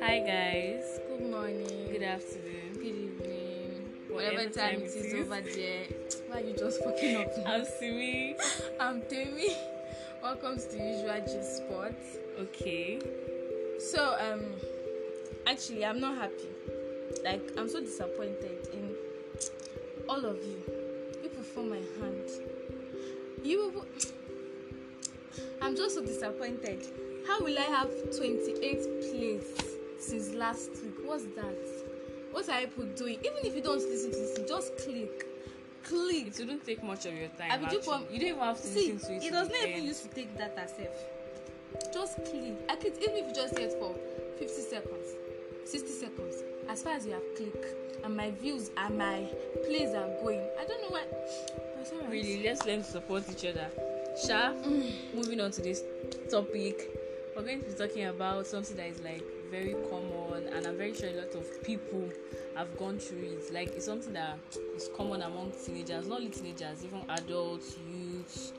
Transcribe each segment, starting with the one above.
Hi guys. Good morning. Good afternoon. Good evening. Whatever, time, time it is, over there. Why are you just fucking up? I'm Simi. I'm Temi. Welcome to the usual G spot. Okay. So um actually I'm not happy. Like I'm so disappointed in all of you. You perform my hand. You I'm just so disappointed. How will I have 28 plays since last week? What's that? What are people doing? Even if you don't listen to this, just click. Click. It wouldn't take much of your time. I mean, you, don't even have to See, listen to it. It does not even used to take that herself. Just click. I could even if you just hear it for 50 seconds, 60 seconds. As far as you have click, and my views and my plays are going. I don't know why. Really, let's learn to support each other. Sha, moving on to this topic, we're going to be talking about something that is like very common, and I'm very sure a lot of people have gone through it. Like, it's something that is common among teenagers, not only teenagers, even adults, youths,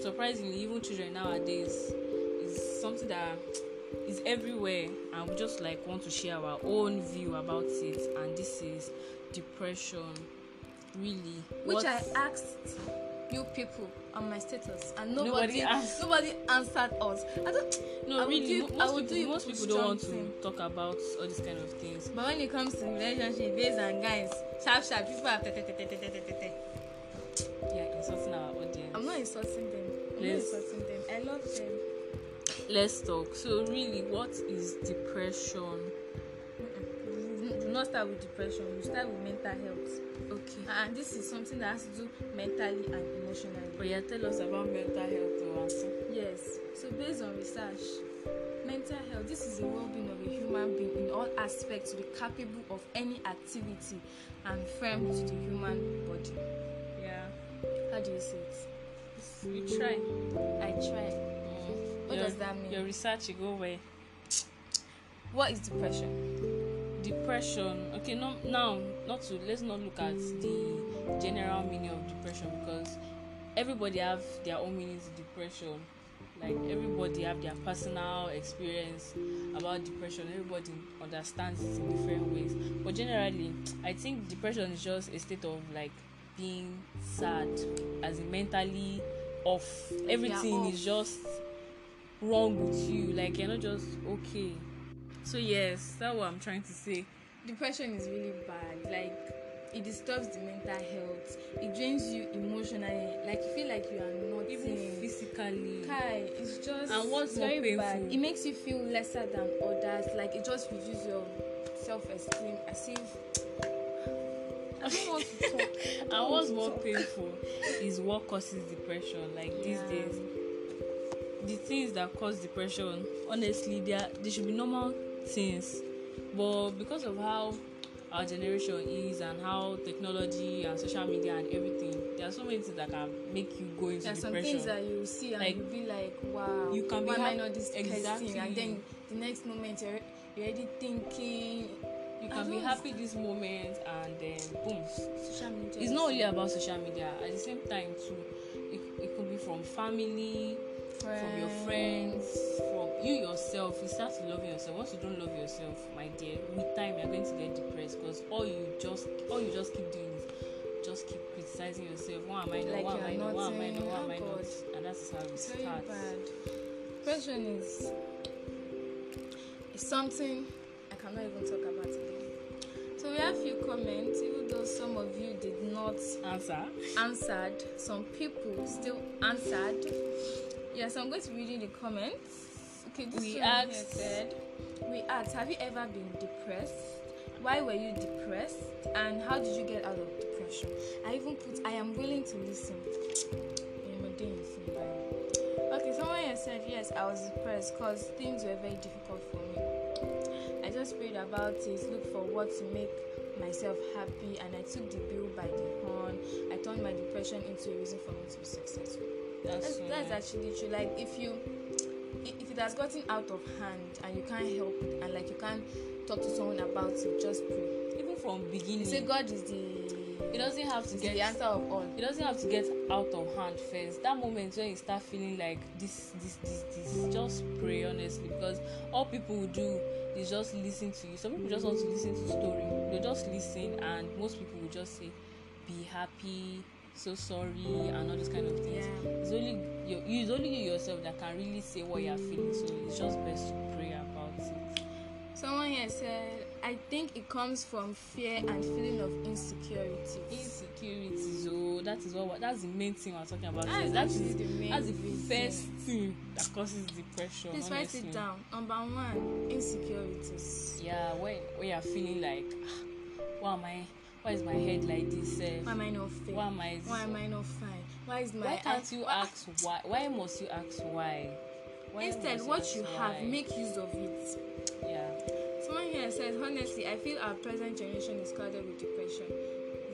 surprisingly, even children nowadays. is something that is everywhere, and we just like want to share our own view about it. And this is depression, really, which I asked New people on my status and nobody nobody, asked. nobody answered us i don't no I really do, most, people, do most people don't want to talk about all these kind of things but when it comes to relationship babes and guys sharp sharp people are yeah insulting our audience i'm not insulting them i'm let's, not insulting them i love them let's talk so really what is depression do not start with depression you start with mental health Okay. Ah, and this is something that has to do mentally and emotionally. But yeah, tell us about mental health, Owansi. Yes. So based on research, mental health this is the well-being of a human being in all aspects to be capable of any activity and firm to the human body. Yeah. How do you say it? You try. I try. Mm. What your, does that mean? Your research you go where? What is depression? depression okay no, now not to let's not look at the general meaning of depression because everybody have their own meaning of depression like everybody have their personal experience about depression everybody understands it in different ways but generally i think depression is just a state of like being sad as in mentally off everything off. is just wrong with you like you're not just okay so yes that's what i'm trying to say depression is really bad like it disturbs the mental health it drains you emotionally like you feel like you are not even physically kai it's just and what's very painful. bad it makes you feel lesser than others like it just reduces your self-esteem as if I don't want to talk. and what's more painful is what causes depression like yeah. these days the things that cause depression honestly they, are, they should be normal things. But because of how our generation is and how technology and social media and everything, there are so many things that can make you go into there are some things that you see and like, you be like, wow, you can why be am I not this exactly. person? And then the next moment you're, you're already thinking. You can be happy this moment and then boom. Social media. It's not only about social media. At the same time, too, it, it could be from family, from your friends, from you yourself. You start to love yourself. Once you don't love yourself, my dear, with time you're going to get depressed because all you just all you just keep doing is just keep criticizing yourself. Why am I not? why am I not? Why am I not? Why am oh, I not? And that's how it starts. Question is is something I cannot even talk about again. So we have few comments, even though some of you did not answer. Answered, some people still answered yeah, so I'm going to read you the comments. Okay, we asked, said, we asked, have you ever been depressed? Why were you depressed? And how did you get out of depression? I even put, I am willing to listen. Okay, someone has said, yes, I was depressed because things were very difficult for me. I just prayed about it, looked for what to make myself happy, and I took the bill by the horn. I turned my depression into a reason for me to be successful. that's, that's, actually true. Like if you if it has gotten out of hand and you can't help it and like you can't talk to someone about it, just pray. Even from beginning. Say God is the it doesn't have to get the answer of all. It doesn't have to get out of hand first. That moment when you start feeling like this, this, this, this, just pray honestly because all people will do is just listen to you. Some people just want to listen to story. They just listen, and most people will just say, "Be happy, so sorry and all those kind of things yeah. it's only you, it's only you yourself that can really say what you're feeling so it's just best to pray about it someone here said i think it comes from fear and feeling of insecurity insecurity so oh, that is what that's the main thing we're talking about that is that the main that's the first thing that causes depression please honestly. write it down number one insecurities yeah when when you're feeling like ah, what am i why is my head like this sef eh? why am i not fair why am i why am i not fine why is my why can't you ask why why must you ask why why instead what you why? have make use of it yeah someone here says honestly i feel our present generation is clouded with depression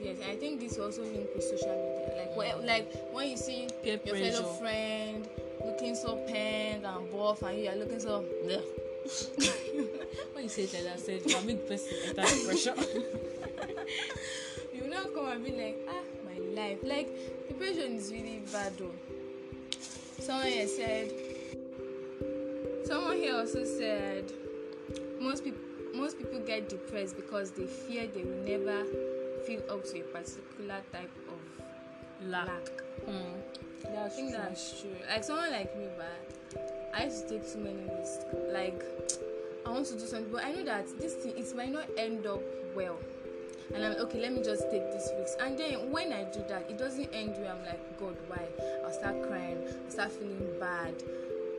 yes i think this also linked with social media like mm. like when you see Peer your pressure. fellow friend looking so penned and buff and you are looking so Yeah. when you say that, I said you make the person enter depression you now come and be like, ah, my life. Like, depression is really bad though. Someone here said, someone here also said, most people most people get depressed because they fear they will never feel up to a particular type of lack. lack. Mm. That's I think true. that's true. Like someone like me, but I used to take too many risks. Like I want to do something, but I know that this thing it might not end up well. and I'm okay, let me just take this risk. And then when I do that, it doesn't end where I'm like, God, why? I'll start crying, I'll start feeling bad.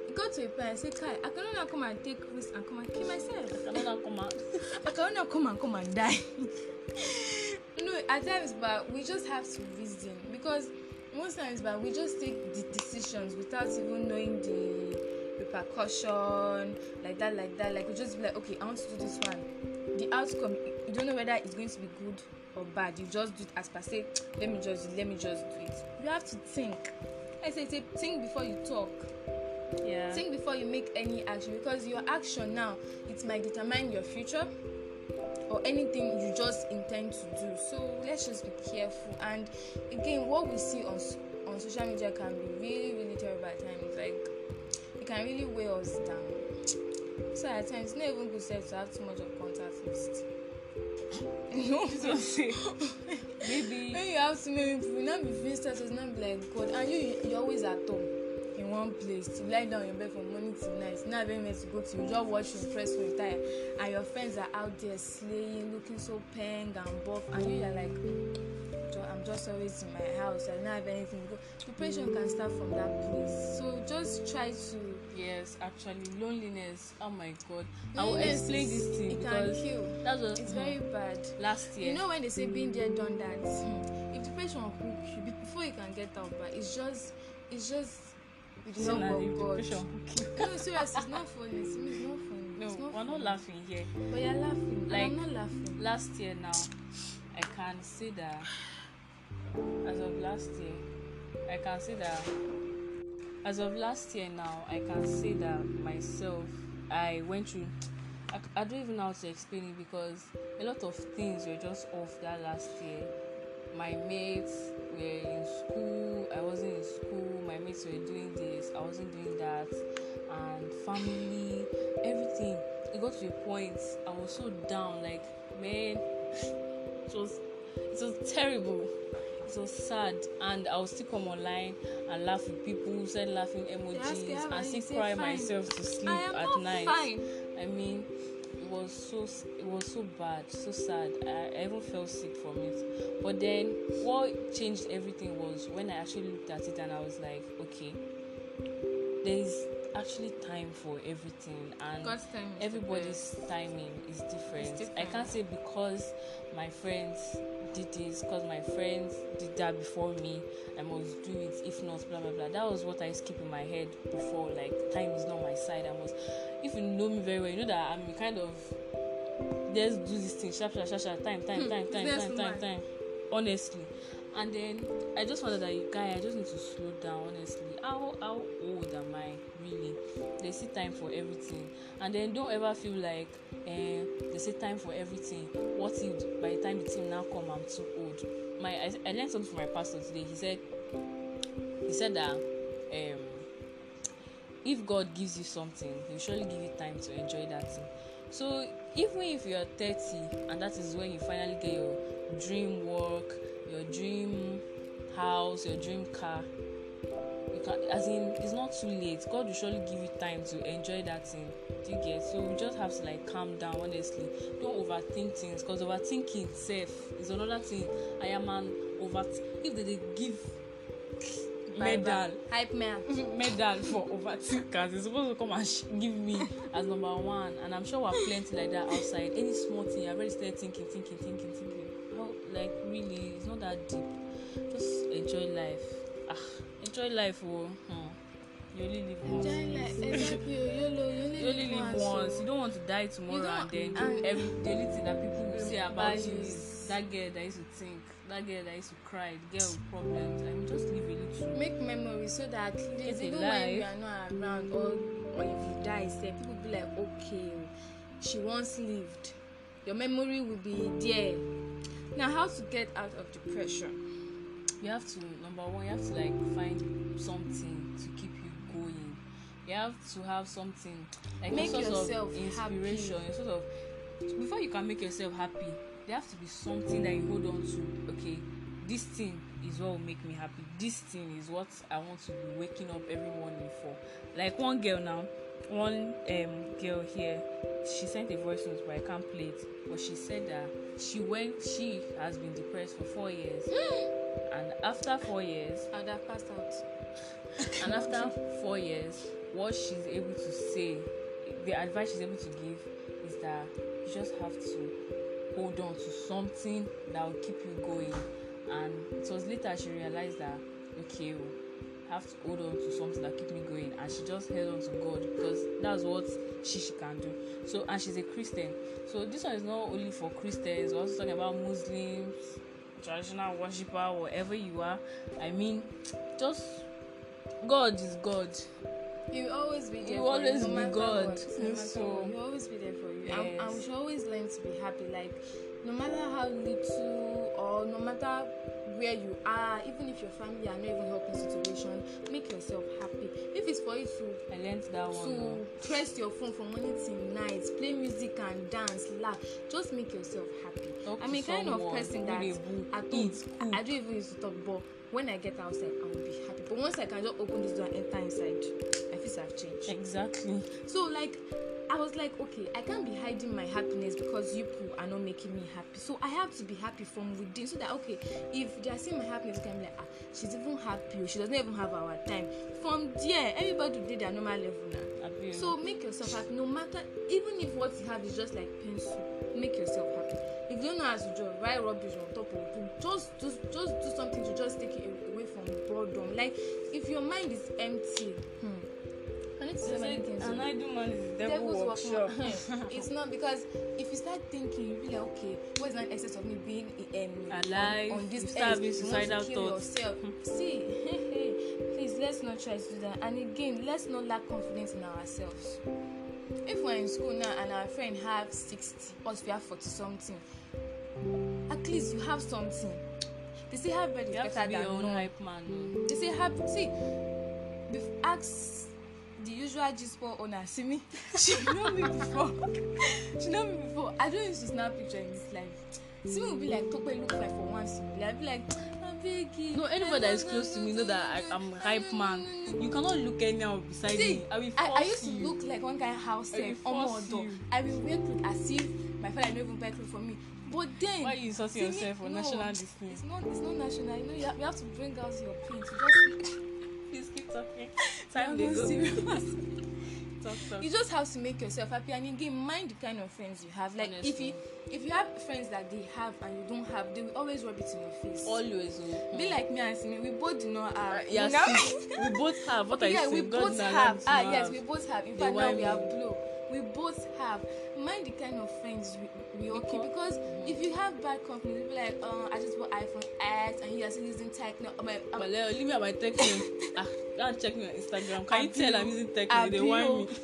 It got to a point I say, Kai, I cannot now come and take risk and come and kill myself. I cannot now come and I cannot now come and come and die. no, at times, but we just have to reason because most times, but we just take the decisions without even knowing the repercussion, like that, like that. Like we just be like, okay, I want to do this one. the outcome you don't know whether it's going to be good or bad you just do it as per se let me just let me just do it you have to think i say say think before you talk yeah. think before you make any action because your action now it might determine your future or anything you just intend to do so let's just be careful and again what we see on on social media can be really really terrible at times like it can really weigh us down so at times it's not even good sense to have too much of fixed. no, so say maybe when you have too many people, you not be fixed status, not be like God, and you you always at home in one place You lie down in your bed from morning till night you no have anywhere to go to you just watch your friends retire and your friends are out there slaying looking so peng and buff and you are like i'm just always in my house i don't have anything to go depression can start from that place so just try to yes actually loneliness oh my god loneliness i will explain this thing because that was it's very bad last year you know when they say being there done that mm. if depression hook you before you can get out but it's just it's just with the help of god no serious it's not funny it's not funny no it's not we're funny. not laughing here but you're laughing like and i'm not laughing last year now i can see that as of last year i can see that as of last year now, I can say that myself, I went through. I, I don't even know how to explain it because a lot of things were just off that last year. My mates were in school, I wasn't in school, my mates were doing this, I wasn't doing that, and family, everything. It got to a point I was so down, like man, it was it was terrible so sad and I'll still come online and laugh with people, send laughing emojis and still cry fine. myself to sleep at night. Fine. I mean it was so it was so bad, so sad. I, I even felt sick from it. But then what changed everything was when I actually looked at it and I was like, okay, there is actually time for everything and time everybody's timing is different. different. I can't say because my friends did this because my friends did that before me. I must do it. If not, blah blah blah. That was what I used to keep in my head before. Like time is not my side. I must. If you know me very well, you know that I'm kind of let's do this thing. Sharp sharp sharp sharp. Time time hmm, time time time time time. Honestly, and then I just wondered that guy. I just need to slow down. Honestly, how how old they see time for everything and then don't ever feel like eh, they see time for everything what if by the time the team now come i'm too old my i, I learned something from my pastor today he said he said that um, if god gives you something he surely give you time to enjoy that thing so even if you're 30 and that is when you finally get your dream work your dream house your dream car as in it's not too late god will surely give you time to enjoy that thing do you get so we just have to like calm down honestly don't overthink things because overthinking itself is another thing i am an over if they dey give medal hype man medal for overthinkers they supposed to come and sh- give me as number one and i'm sure we have plenty like that outside any small thing I've already started thinking thinking thinking thinking how like really it's not that deep just enjoy life ah enjoy life o hmm. you only live once enjoy life exactly o yolo you only, you only live, live once. once you don't want to die tomorrow and then do and every daily thing that people will say about you that girl that used to think that girl that used to cry the girl with problems i mean just live a little. make memories so that at even when you are not around or or if you die sef people be like okay oh, she once lived your memory will be there now how to get out of depression you have to number one you have to like find something to keep you going you have to have something like make some sort of inspiration happy. sort of before you can make yourself happy there have to be something that you hold on to okay this thing is what will make me happy this thing is what i want to be waking up every morning for like one girl now one um, girl here she sent a voice note but i can't play it but she said that she went she has been depressed for four years And after four years, and I passed out. and after four years, what she's able to say, the advice she's able to give is that you just have to hold on to something that will keep you going. And it was later she realized that okay, oh, I have to hold on to something that keep me going, and she just held on to God because that's what she, she can do. So, and she's a Christian, so this one is not only for Christians. We're also talking about Muslims, traditional worshiper, wherever you are, I mean, just God is God. He will always be there. He will always you, be God. so he will always be there for you. Yes. and we should always learn to be happy. Like no matter how little or no matter where you are even if your family are not even helping situation make yourself happy if it's for you to I learned that to one, to press your phone from morning till night play music and dance laugh just make yourself happy Talk I'm a kind of person that I don't I don't even use to talk but when I get outside, I will be happy. But once I can just open this door and enter inside, my face have changed. Exactly. So like I was like, okay, I can't be hiding my happiness because you people are not making me happy. So I have to be happy from within so that okay, if they are seeing my happiness, they can be like, ah, she's even happy, oh, she doesn't even have our time. From there, everybody did their normal level now. So make yourself happy. No matter even if what you have is just like pencil, make yourself happy. If you don't know draw, write rubbish on top of book just do just do something to just take it away from boredom like if your mind is empty hmm, I need to say many things. An oh. idle man is the devil devil's workshop. Hmm. it's not because if you start thinking, you be like, okay, what is that essence of me being um, alive on, on this you start having suicidal you want to kill thoughts. yourself. Hmm. See, please let's not try to do that. And again, let's not lack confidence in ourselves if we're in school now and our friend have sixty us we have forty something at least you have something they say have bread is better than no you have to be your own hype man no they say have see we ask the usual g-sport owner see me she know me before she know me before i don use to snap picture in this life see me will be like tope look like for once you know i be like. Biggie. No, anybody that is close to me know that I, I'm hype man. You cannot look anyhow beside See, me. I will force I, I used to look like one kind of house chef almost door. I will wear clothes as if my father don't even buy clothes for me. But then why are you insulting yourself for no, national this It's not it's not national. You know you have, you have to bring out your paint. You just please keep talking. Time they go. serious. talk, talk. You just have to make yourself happy and again mind the kind of friends you have. Like Honestly. if you if you have friends that they have and you don't have, they will always rub it in your face. Always. Mm-hmm. Be like me and Simi, we both do not have. Uh, yeah, you know? we both have. What okay, you yeah, say, we God both have. Ah, yes, we both have. In fact, now we are blue. We both have mind the kind of friends we, we okay because mm-hmm. if you have bad company be like uh, I just bought iPhone X and you are still using Techno. My, um, but leave me at my Techno. ah, go check me on Instagram. Can you tell I'm using Techno? Abiu, they want me.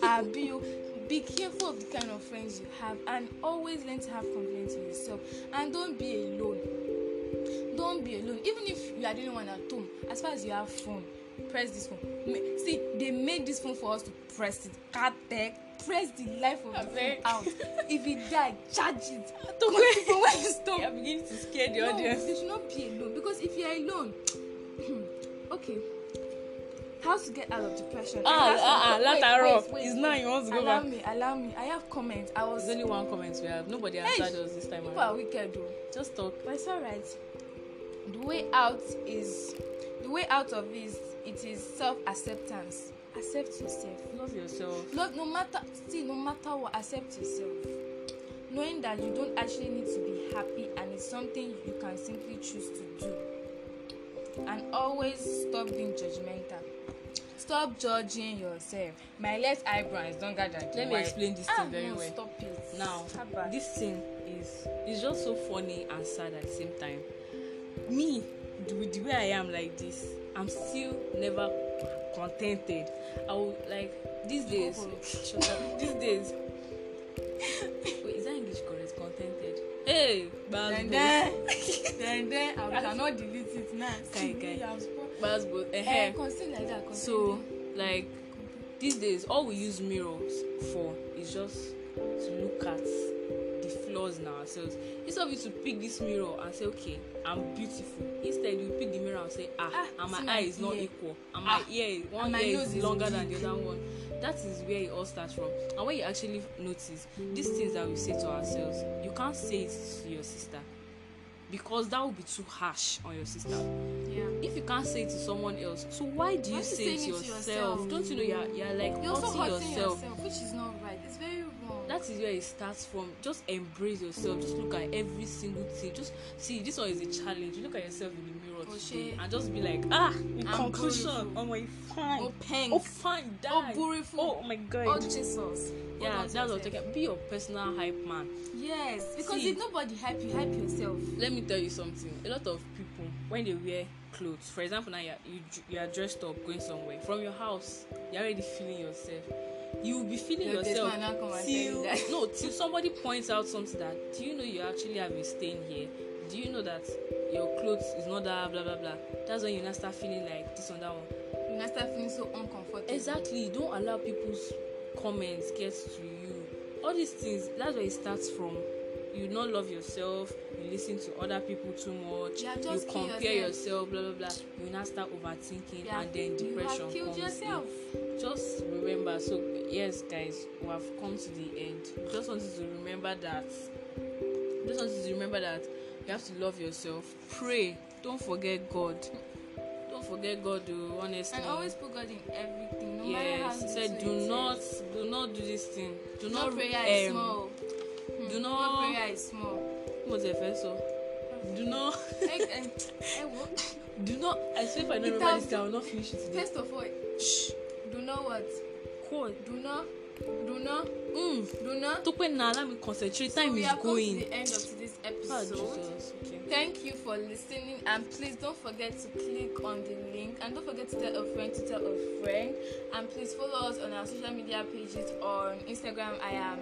Abiu, be careful of the kind of friends you have and always learn to have confidence in yourself and don't be alone. Don't be alone. Even if you are the only one at home, as far as you have phone, press this phone. See, they made this phone for us to press it. Can't tech press the life of the film out if it die charge it because from where you stop you are beginning to scare the no, audience no you should not be alone because if you are alone okay how to get out of depression ah ah ah látàárọ̀ it's now you want to go allow back allow me allow me i have comment i was there's only one comment we have nobody has hey, us this time around people are wicked o just talk but it's alright the way out is the way out of this. it is self acceptance accept yourself. Love yourself. Love no matter see no matter what, accept yourself. Knowing that you don't actually need to be happy and it's something you can simply choose to do. And always stop being judgmental. Stop judging yourself. My left eyebrow is get that. Let me explain this thing ah, very no, well. Stop it. Now, this thing is is just so funny and sad at the same time. Me, with the way I am like this, I'm still never contented. I would like these days. These days. Wait, is that English correct? Contented. Hey, Basbo. Then then I cannot delete it now. Kai kai. Basbo. Eh. eh, eh. Conceal like that. So like these days, all we use mirrors for is just to look at flaws in ourselves instead of you to pick this mirror and say okay i'm beautiful instead you pick the mirror and say ah, ah and my eye is not ear. equal and ah, my ah, ear one ear is longer than the other one that is where it all starts from and when you actually notice these things that we say to ourselves you can't say it to your sister because that would be too harsh on your sister yeah. if you can't say it to someone else so why do you say it to yourself? yourself don't you know you're, you're like you're hurting, hurting yourself, yourself which is not right that is where it starts from just embrace yourself just look at every single thing just see this one is a challenge you look at yourself in the mirror oh, today and just be like ah in I'm conclusion oh my fine oh pangs oh fine die oh beautiful oh my god oh jesus yeah oh, that's what i'm talking be your personal hype man yes because see, if nobody hype you hype yourself let me tell you something a lot of people when they wear clothes for example now you, you you are dressed up going somewhere from your house you're already feeling yourself you will be feeling no, yourself till no till somebody points out something that do you know you actually have a stain here do you know that your clothes is not that blah blah blah that's when you now start feeling like this on that one you now start feeling so uncomfortable exactly you don't allow people's comments get to you all these things that's where it starts from you not love yourself you listen to other people too much yeah, you compare yourself. yourself blah blah blah you now start overthinking yeah. and then depression you have comes yourself. just remember so yes guys we have come to the end we just wanted to remember that we just wanted to remember that you have to love yourself pray don't forget god don't forget god o oh, honestly and always put god in everything no yes, matter how you do it yes he said do not do not do this thing do no not prayer um, is small do not one prayer is small. mo ti fẹ́ sọ do not. do not i swear if i don't remember this guy i will not finish it today. first of all shh do not what. call do not do not. Mm. do not. To pé na allow me concentrate time so is going. we are going to the end of this ah, episode. Oh, Jesus. Okay. thank you for listening and please don't forget to click on the link and don't forget to tell a friend to tell a friend and please follow us on our social media pages on instagram i am.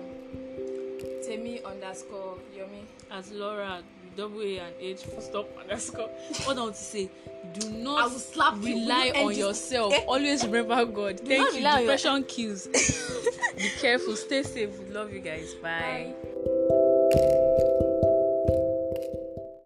Temi underscore Yomi. At Laura double A and H stop underscore. Hold on to say, do not slap rely you. on yourself. Eh? Always remember God. Thank you. Depression your... kills. Be careful. Stay safe. Love you guys. Bye. Bye.